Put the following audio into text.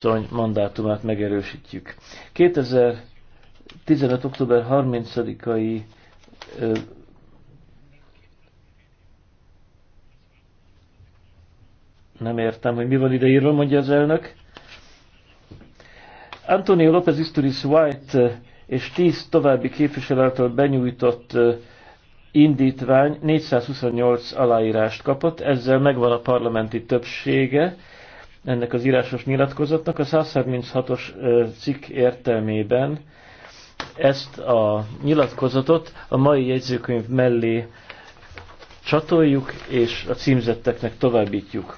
asszony mandátumát megerősítjük. 2015. október 30-ai nem értem, hogy mi van ideírva, mondja az elnök. Antonio López Isturiz White és tíz további képviselő által benyújtott indítvány 428 aláírást kapott, ezzel megvan a parlamenti többsége, ennek az írásos nyilatkozatnak. A 136-os cikk értelmében ezt a nyilatkozatot a mai jegyzőkönyv mellé csatoljuk, és a címzetteknek továbbítjuk.